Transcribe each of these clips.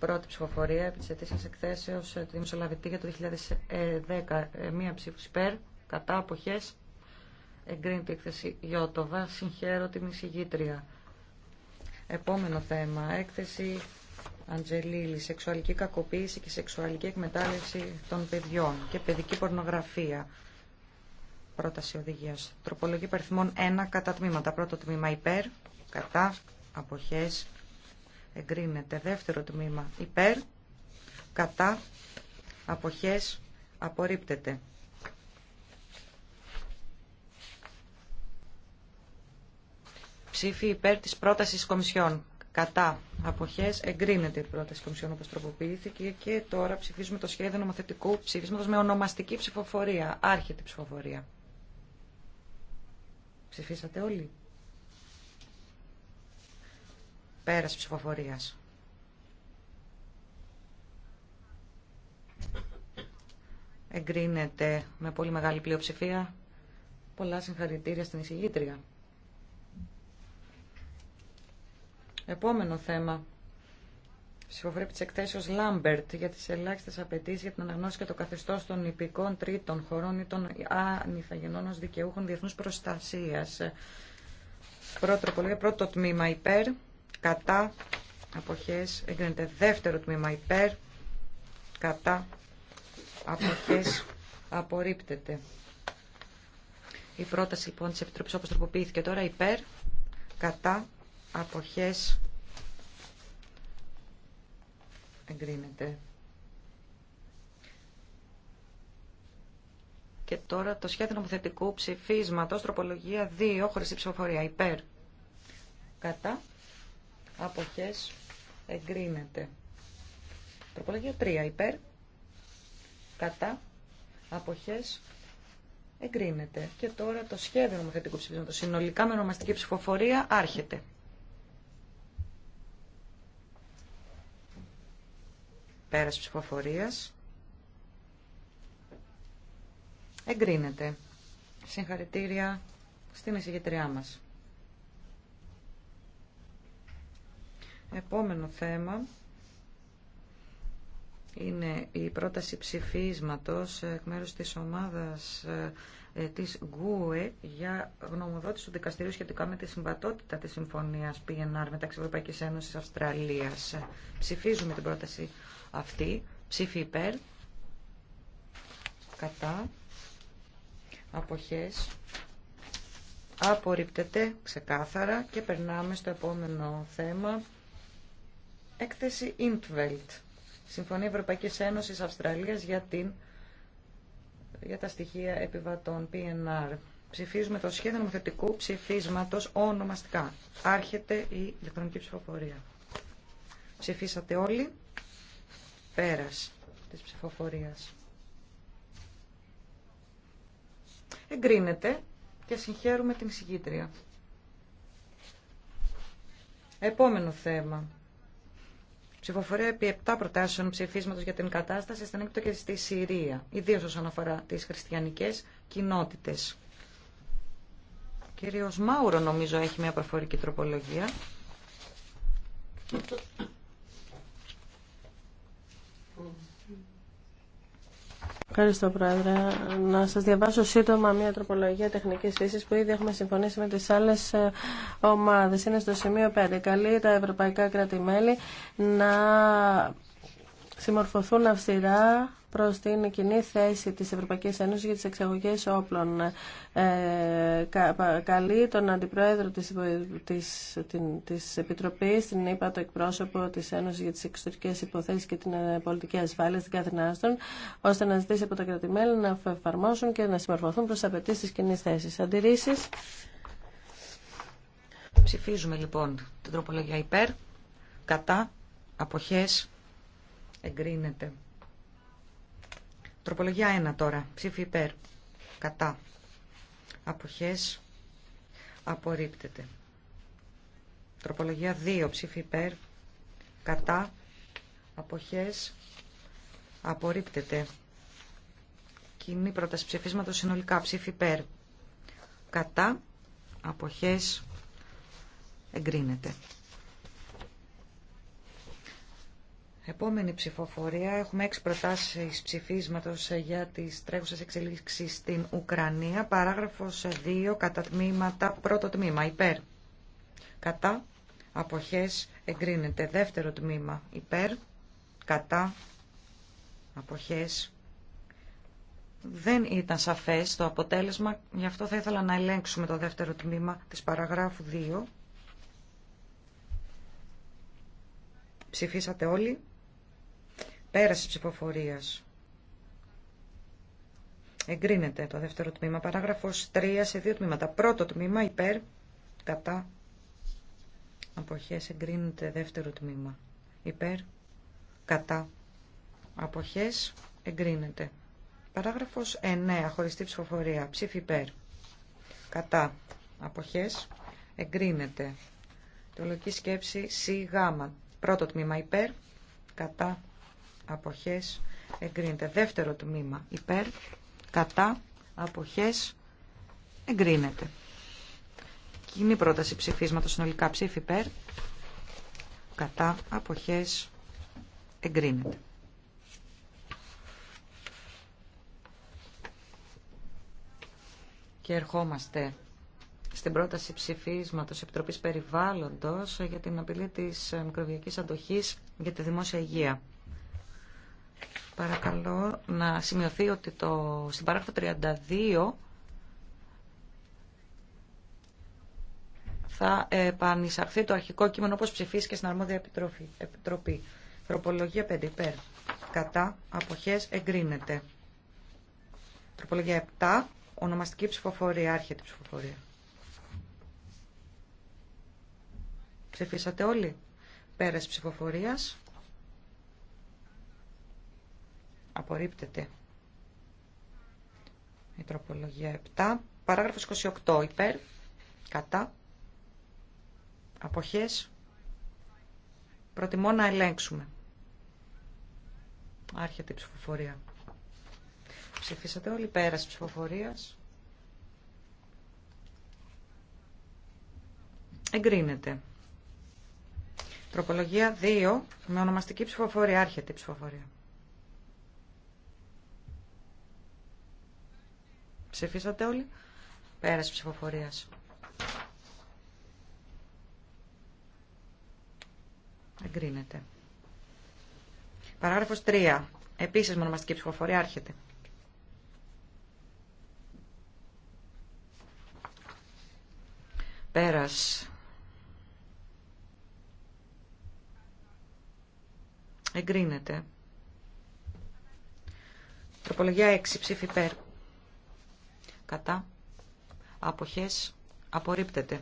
Πρώτη ψηφοφορία επί ε, τη αιτήσια εκθέσεω του Δημοσιολαβητή για το 2010. Ε, μία ψήφο υπέρ, κατά, αποχές. Εγκρίνεται η εκθέση Ιώτοβα. Συγχαίρω την εισηγήτρια. Επόμενο θέμα. Έκθεση Αντζελίλη. Σεξουαλική κακοποίηση και σεξουαλική εκμετάλλευση των παιδιών και παιδική πορνογραφία. Πρόταση οδηγία. Τροπολογία παριθμών 1 κατά τμήματα. Πρώτο τμήμα υπέρ κατά, αποχές, εγκρίνεται. Δεύτερο τμήμα, υπέρ, κατά, αποχές, απορρίπτεται. Ψήφι υπέρ της πρότασης Κομισιόν. Κατά αποχές εγκρίνεται η πρόταση Κομισιόν όπως τροποποιήθηκε και τώρα ψηφίζουμε το σχέδιο νομοθετικού ψηφίσματος με ονομαστική ψηφοφορία. Άρχεται ψηφοφορία. Ψηφίσατε όλοι. Πέρας ψηφοφορίας. Εγκρίνεται με πολύ μεγάλη πλειοψηφία. Πολλά συγχαρητήρια στην εισηγήτρια. Επόμενο θέμα. Ψηφοφορία τη ω Λάμπερτ για τι ελάχιστε απαιτήσει για την αναγνώριση και το καθεστώ των υπηκών τρίτων χωρών ή των ανηθαγενών ω δικαιούχων διεθνού προστασία. Πρώτο πρώτο τμήμα υπέρ κατά αποχές εγκρίνεται δεύτερο τμήμα υπέρ κατά αποχές απορρίπτεται η πρόταση λοιπόν της Επιτροπής όπως τροποποιήθηκε τώρα υπέρ κατά αποχές εγκρίνεται Και τώρα το σχέδιο νομοθετικού ψηφίσματος, τροπολογία 2, χωρίς ψηφοφορία, υπέρ. Κατά αποχές εγκρίνεται. Τροπολογία 3 υπέρ, κατά, αποχές εγκρίνεται. Και τώρα το σχέδιο νομοθετικού ψηφίσματος συνολικά με ονομαστική ψηφοφορία άρχεται. Πέρας ψηφοφορίας. Εγκρίνεται. Συγχαρητήρια στην εισηγητριά μας. Επόμενο θέμα είναι η πρόταση ψηφίσματος εκ μέρους της ομάδας ε, της ΓΚΟΕ για γνωμοδότηση του δικαστηρίου σχετικά με τη συμβατότητα της συμφωνίας PNR μεταξύ Ευρωπαϊκής Ένωσης Αυστραλίας. Ψηφίζουμε την πρόταση αυτή. Ψήφι υπέρ. Κατά. Αποχές. Απορρίπτεται ξεκάθαρα και περνάμε στο επόμενο θέμα. Έκθεση Intveld. Συμφωνία Ευρωπαϊκής Ένωσης Αυστραλίας για, την, για τα στοιχεία επιβατών PNR. Ψηφίζουμε το σχέδιο νομοθετικού ψηφίσματος ονομαστικά. Άρχεται η ηλεκτρονική ψηφοφορία. Ψηφίσατε όλοι. Πέρας της ψηφοφορίας. Εγκρίνεται και συγχαίρουμε την συγκήτρια. Επόμενο θέμα. Ψηφοφορία επί 7 προτάσεων ψηφίσματος για την κατάσταση στην Αίγυπτο και στη Συρία, ιδίως όσον αφορά τις χριστιανικές κοινότητες. κύριος Μάουρο νομίζω έχει μια προφορική τροπολογία. Ευχαριστώ, Πρόεδρε. Να σας διαβάσω σύντομα μια τροπολογία τεχνική φύση που ήδη έχουμε συμφωνήσει με τις άλλε ε, ομάδες. Είναι στο σημείο 5. Καλεί τα ευρωπαϊκά κράτη-μέλη να συμμορφωθούν αυστηρά προς την κοινή θέση της Ευρωπαϊκής Ένωσης για τις εξαγωγές όπλων. Ε, καλεί τον Αντιπρόεδρο της, της, την, της Επιτροπής, την είπα το εκπρόσωπο της Ένωσης για τις Εξωτερικές Υποθέσεις και την ε, Πολιτική Ασφάλεια, την Κάθριν Άστον, ώστε να ζητήσει από τα κρατημέλη να εφαρμόσουν και να συμμορφωθούν προς απαιτήσεις τη κοινής θέσης. Αντιρρήσεις. Ψηφίζουμε λοιπόν την τροπολογία υπέρ, κατά, αποχές, Εγκρίνεται. Τροπολογία 1 τώρα. Ψήφι υπέρ. Κατά. Αποχές. Απορρίπτεται. Τροπολογία 2. Ψήφι υπέρ. Κατά. Αποχές. Απορρίπτεται. Κοινή πρόταση ψηφίσματος συνολικά. Ψήφι υπέρ. Κατά. Αποχές. Εγκρίνεται. Επόμενη ψηφοφορία. Έχουμε έξι προτάσεις ψηφίσματος για τις τρέχουσες εξελίξεις στην Ουκρανία. Παράγραφο 2. Κατά τμήματα. Πρώτο τμήμα. Υπέρ. Κατά. Αποχές. Εγκρίνεται. Δεύτερο τμήμα. Υπέρ. Κατά. Αποχές. Δεν ήταν σαφές το αποτέλεσμα. Γι' αυτό θα ήθελα να ελέγξουμε το δεύτερο τμήμα της παραγράφου 2. Ψηφίσατε όλοι. Πέρασε ψηφοφορία. Εγκρίνεται το δεύτερο τμήμα. Παράγραφο 3 σε δύο τμήματα. Πρώτο τμήμα υπέρ, κατά, αποχές. Εγκρίνεται δεύτερο τμήμα. Υπέρ, κατά, αποχές. Εγκρίνεται. Παράγραφος 9. Χωριστή ψηφοφορία. Ψήφι υπέρ. Κατά. Αποχές. Εγκρίνεται. λογική σκέψη. Σι γάμα. Πρώτο τμήμα υπέρ. Κατά αποχές εγκρίνεται. Δεύτερο τμήμα υπέρ, κατά, αποχές εγκρίνεται. Κοινή πρόταση ψηφίσματος συνολικά ψήφι υπέρ, κατά, αποχές εγκρίνεται. Και ερχόμαστε στην πρόταση ψηφίσματος Επιτροπής Περιβάλλοντος για την απειλή της ε, μικροβιακής αντοχής για τη δημόσια υγεία. Παρακαλώ να σημειωθεί ότι το, στην παράγραφο 32 θα επανεισαχθεί το αρχικό κείμενο όπως ψηφίστηκε στην αρμόδια επιτροπή. επιτροπή. Τροπολογία 5 υπέρ. Κατά αποχές εγκρίνεται. Τροπολογία 7. Ονομαστική ψηφοφορία. Άρχεται ψηφοφορία. Ψηφίσατε όλοι. Πέρας ψηφοφορίας. Απορρίπτεται. Η τροπολογία 7. Παράγραφος 28. Υπέρ. Κατά. Αποχές. Προτιμώ να ελέγξουμε. Άρχεται η ψηφοφορία. Ψηφίσατε όλοι πέρας ψηφοφορίας. Εγκρίνεται. Τροπολογία 2. Με ονομαστική ψηφοφορία. Άρχεται η ψηφοφορία. Ψηφίσατε όλοι. Πέρας ψηφοφορία. Εγκρίνεται. Παράγραφος 3. Επίσης μονομαστική ψηφοφορία άρχεται. Πέρας. Εγκρίνεται. Τροπολογία 6. Ψήφι υπέρ κατά αποχές απορρίπτεται.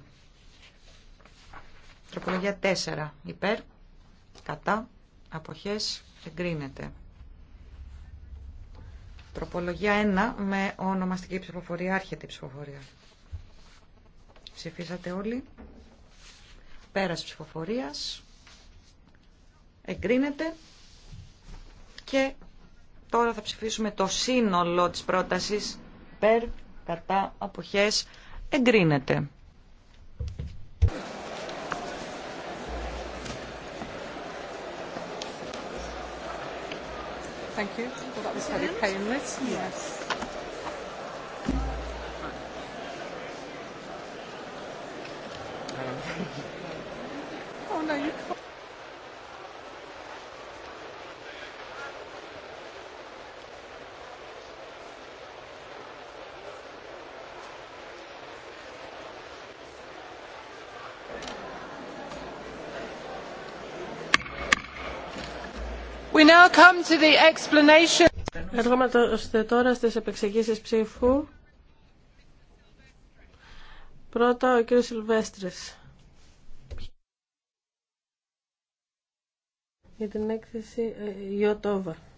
Τροπολογία 4 υπέρ κατά αποχές εγκρίνεται. Τροπολογία 1 με ονομαστική ψηφοφορία, άρχεται ψηφοφορία. Ψηφίσατε όλοι. Πέρας ψηφοφορίας. Εγκρίνεται. Και τώρα θα ψηφίσουμε το σύνολο της πρότασης περ κατά αποχές εγκρίνεται. Thank you. Well, that was very painless. Yes. oh, no, you can't. Ερχόμαστε τώρα στις επεξεγγίσεις ψήφου. Πρώτα ο κύριος Σιλβέστρης. Για την έκθεση ε, Ιωτόβα.